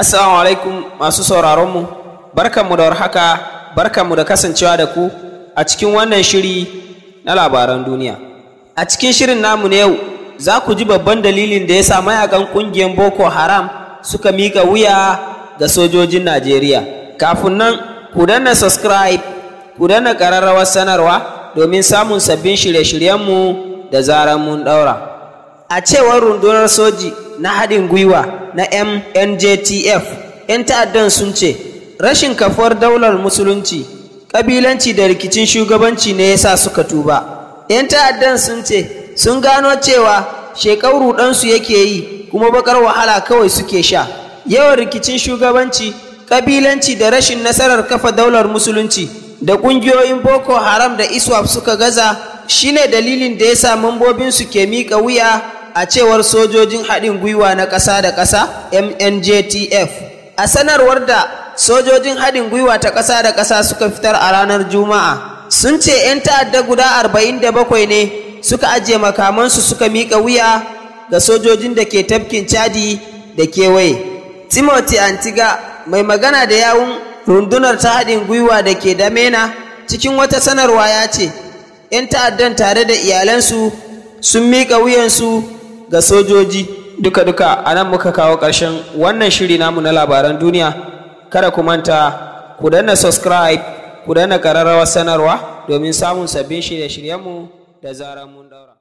Assalamu alaikum masu sauraronmu, barkanmu da warhaka, barkanmu da kasancewa da ku a cikin wannan shiri na labaran duniya. A cikin shirin namu na yau za ku ji babban dalilin da ya sa mayakan ƙungiyar Boko Haram suka miƙa wuya ga sojojin Najeriya. Kafin nan, ku danna subscribe, ku danna ƙararrawar sanarwa domin samun sabbin shirye-shiryenmu da zarar mun ɗaura. A cewar rundunar soji na haɗin gwiwa na MNJTF, 'yan ta'addan sun ce, rashin kafuwar daular musulunci, ƙabilanci da rikicin shugabanci ne ya sa suka tuba. 'yan ta'addan sun ce, sun gano cewa shekaru ɗansu yake yi kuma bakar wahala kawai suke sha. Yawan rikicin shugabanci, ƙabilanci da rashin nasarar kafa daular musulunci da ƙungiyoyin Boko Haram da ISWAP suka gaza shine dalilin da ya sa mambobinsu ke miƙa wuya a cewar sojojin haɗin gwiwa na ƙasa da ƙasa MNJTF. A sanarwar da sojojin haɗin gwiwa ta ƙasa da ƙasa suka fitar a ranar Juma'a sun ce 'yan ta'adda guda arba'in da bakwai ne suka ajiye makamansu suka miƙa wuya ga sojojin da ke tafkin Chadi da kewaye. Timothy Antiga mai magana da yawun rundunar ta haɗin gwiwa da ke Damena cikin wata sanarwa ya ce 'yan ta'addan tare da iyalansu sun miƙa wuyansu ga sojoji duka-duka a nan muka kawo ƙarshen wannan shiri namu na labaran duniya kada ku manta ku danna subscribe ku danna ƙararrawar sanarwa domin samun sabbin shirye-shiryenmu da zarar mun daura